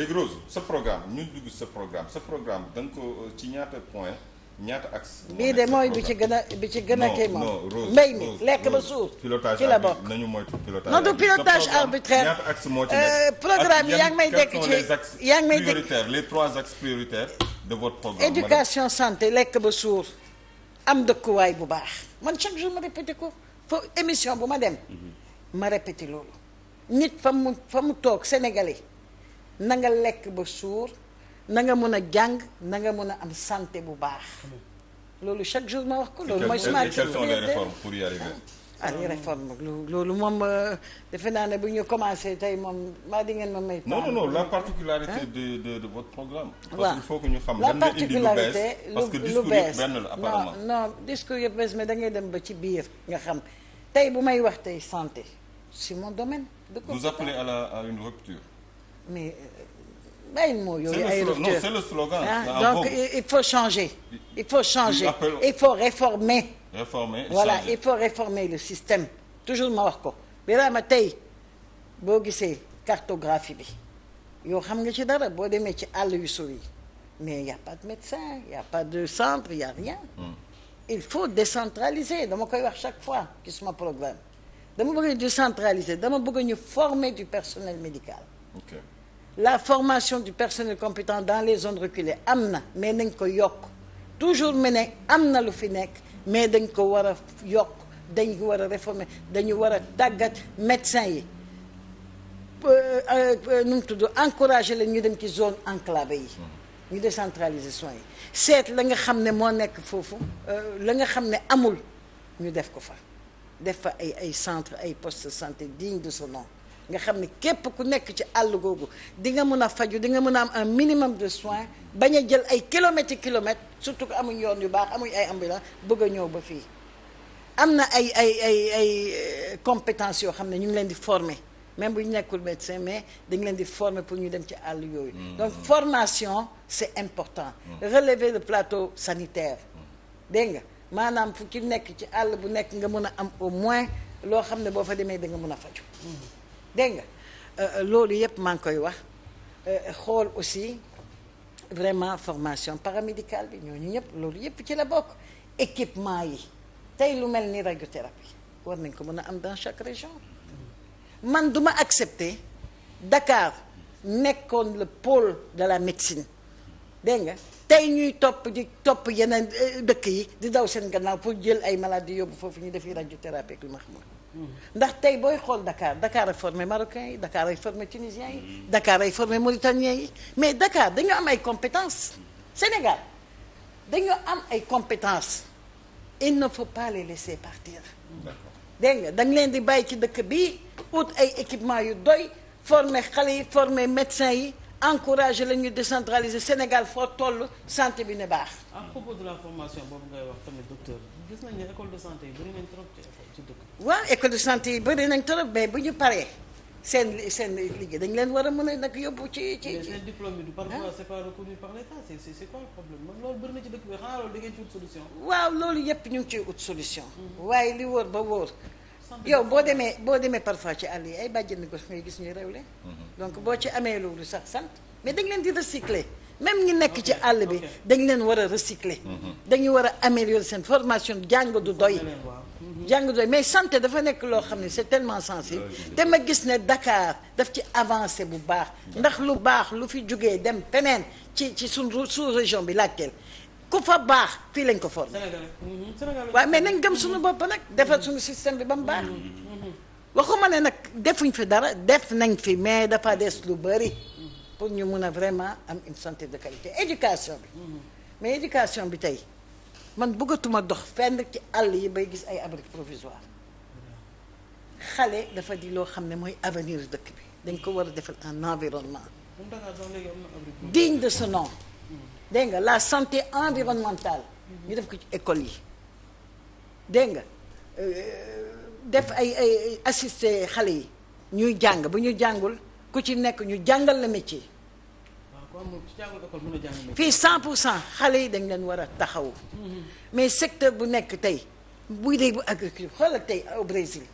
léegi Rose sa programme ñu dugg sa programme sa programme da nga ko euh, ci ñaata point ñaata axe. bii de mooy bi ci gën a bi ci gën a kii moom. non mi lekk ba suur. ci la bokk nañu moytu pilotage non du pilotage arbitraire ñaata axe moo ci nekk euh, programme yaa ngi may dekk ci yaa ngi may dekk les trois axes prioritaires de votre programme. éducation santé lekk ba suur am dëkkuwaay bu baax man chaque jour ma répété ko foofu émission bu ma dem. ma répété loolu. nit fa mu fa mu toog sénégalais. na nga lekk ba suur na nga mën a jàng na nga mën a am santé bu baax loolu chaque jour ma wax ko loolu mooy suma quelles sont les réformes pour y arriver ah les réformes loolu moom euh, defe naa ne bu ñu commencé tey moom maa di ngeen ma may. non non non la particularité de de de votre programme. waaw parce qu'il faut que ñu xam lan nga indi lu bees parce que discours yëpp benn la apparemment. non non discours yëpp bees mais da ngay dem ba ci biir nga xam tey bu may wax tey santé c'est mon domaine. de compétence vous appelez à la à une rupture. mais bàyyi moo yooyu ay rupture non c'est le slogan donc changer il faut réformer voilà il faut réformer le système toujours ma wax ko Birama tey boo gisee cartographie bi yow xam nga ci dara boo demee ci àll yu yi mais a pas de médecin y a pas de centre y a rien hmm. il faut décentraliser dama koy wax chaque fois ci suma programme dama bëgg décentraliser dama bëgg ñu former du personnel médical la formation du personnel compétent dans les zones reculées am na mais nañ ko yokk toujours mu ne am na lu fi nekk mais dañ ko war a yokk dañ ko war a réformer dañu war a tàggat médecin yi euh, nu tudd encourager la ñu dem ci zone enclavée yi ñu décentraliser yi seet la nga xam ne moo nekk foofu euh, la nga xam ne amul ñu def ko fa def fa ay ay centre ay poste de santé digne de ce nom nga xam ni képp ku nekk ci àll googu di nga mën a faju di nga mën a am un minimum de soins bañ a jël ay kilomètres i surtout que amuñ yoon yu baax amuñ ay ambulance bëgg a ñëw ba fii am na ay ay ay ay euh, compétences yoo xam ne ñu ngi leen di former même bu ñu nekkul médecin mais dañ leen di former pour ñu dem ci àll yooyu mm-hmm. donc formation c'est important mm-hmm. relever le plateau sanitaire mm-hmm. dégg nga maanaam fu ci nekk ci àll bu nekk nga mën a am au moins loo xam ne boo fa demee da nga mën a faju dégg nga euh, euh, loolu yëpp maa ngi koy wax euh, xool aussi vraiment formation paramédicale bi ñooñu ñëpp loolu yëpp ci la bokk équipement yi tey lu mel ni radiothérapie war nañ ko mën a am dans chaque région man duma accepter Dakar nekkoon le pôle de la médecine dégg nga tey ñuy topp di topp yeneen dëkk yi di daw seen gannaaw pour jël ay maladies yóbbu foofu ñu defi radiothérapie ak lu ma xamul ndax tey booy xool Dakar Dakar ay formé marocain yi Dakar ay formé tunisien yi. Dakar ay formé mauritanien yi mais Dakar dañoo am ay compétences Sénégal dañoo am ay compétences il ne faut pas les laisser partir. dégg nga dañ leen di bàyyi ci dëkk bi ut ay équipement yu doy former xale yi former médecins yi. encourager la ñu décentraliser Sénégal foo toll santé bi ne baax. à propos de la formation boobu ngay wax tamit docteur. gis nañ ne école de santé yi bëri nañ trop ci dëkk. waaw école mais bu ñu paree seen liggéey dañ leen war a mën a nag yóbbu ci ci. mais seen diplôme yi du parfois ah. c'est pas reconnu par l'État c'est ci dëkk loolu da ngeen ci wut solution. Mhm. waaye li wóor ba wóor. yow boo demee boo demee parfois ci àll yi ay bàjjenu gox ngay gis ñuy rewle. Mhm. donc boo ci amee loolu sax sant mais dañ leen di recycler. même ngi nekk ci àll bi dañ leen war a recycler dañu war a améliorer seen formation jàng du doy jàng du doy mais santé dafa nekk loo xam ne c'est tellement sensible te ma gis ne Dakar daf ci avancé bu baax ndax lu baax lu fi jógee dem feneen ci ci suñu sous-région bi laajteel ku fa baax fii lañ ko formé mhm. waaw mais nañ gëm suñu bopp nag defar suñu système bi ba mu baax mhm. Mhm. waxuma ne nag defuñ fi dara def nañ fi mais dafa des lu bëri pour ñu mun a vraiment am une santé de qualité éducation bi. Mm-hmm. mais éducation bi tey man bëggatuma dox fenn ci àll yi bay gis ay abrique provisoire xale dafa di loo xam ne mooy avenir dëkk bi dañ ko war a defal un environnement. digne de sa nom. Mm-hmm. dégg nga la santé environnementale. Mm-hmm. ñu def ko ci école yi dégg nga euh, def ay ay assister xale yi ñuy jàng bu ñuy jàngul. ku ci nekk ñu jàngal la métier. fii cent pour cent xale yi dañ leen war a taxawu. Mhm. mais secteur bu nekk tey buy dee bu agriculture xoolal tey au Brésil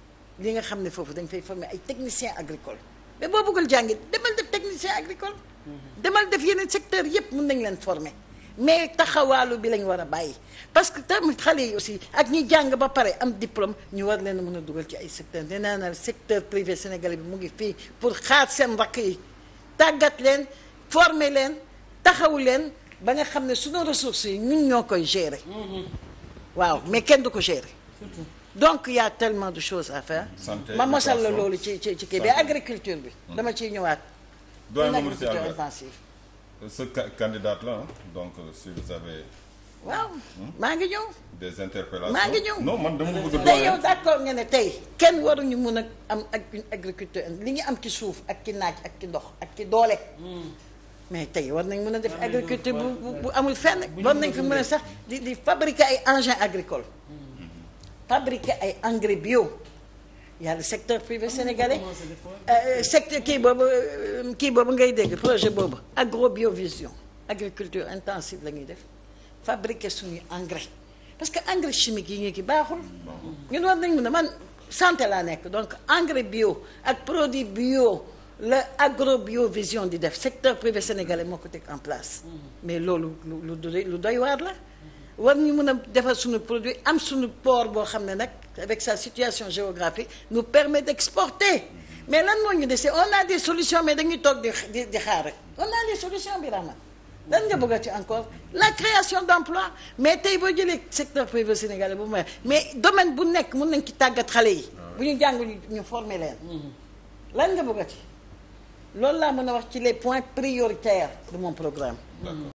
li nga xam ne foofu dañ fay former ay technicien agricole mais boo bëggul jàngi demal def technicien agricole. Mhm. demal def yeneen secteur yépp mën nañ leen former. mais taxawaalu bi lañ war a bàyyi parce que tamit xale yi aussi ak ñi jàng ba pare am diplôme ñu war leen a mën a dugal ci ay secteur nee naa na secteur privé sénégalais bi mu ngi fii pour xaar seen rakk yi tàggat leen former leen taxawu leen ba nga xam ne suñu ressources yi ñun ñoo koy gérer mm-hmm. waaw mais kenn du ko gérer donc y a tellement de choses à faire ma mosal la loolu ci ci ci kii bi agriculture bi mm. dama ciy ñëwaat une agriculture intensive ce candidate là donc euh, si vous avez. waaw maa ngi ñëw. des interpellations maa ngi ñëw non man dama bëgg a. yow d'accord nga ne tey kenn waruñu mun a am ak une agriculteur li ñu am ci suuf ak ki naaj ak ki ndox ak ki doole. Hmm. mais tey war nañ mën a def agriculture bu bu amul fenn war nañ fi mën a sax di di fabriquer ay engins agricole hmm. fabriquer ay engrais bi yow yàlla secteur privé sénégalais euh, euh, secteur kii boobu euh, kii boobu ngay dégg projet boobu agro biovision agriculture intensive la ñuy def fabriquer suñuy engrais parce que engrais chimique yi ñu ki baaxul ñun war nañ mën a man santé laa nekk donc engrais bio ak produit bio la agro biovision di def secteur privé sénégalais moo ko teg en place mm-hmm. mais loolu lu lu doy waar la war ñu mën a defar suñu produit am suñu port boo xam ne nag avec sa situation géographique nous permet d'exporter mais lan moo ñu dese on a des solutions mais dañuy toog di di xaar rek on a des solutions Birama lan nga bëgg a encore la création d'emplois mais tey boo jëlee secteur privé sénégalais bu mu mais domaine bu nekk mën nañ ki tàggat xale yi ah. bu ñu jàng ñu former leen mhm. lan nga bëgg a ci loolu laa mën a wax ci les points prioritaires de mon programme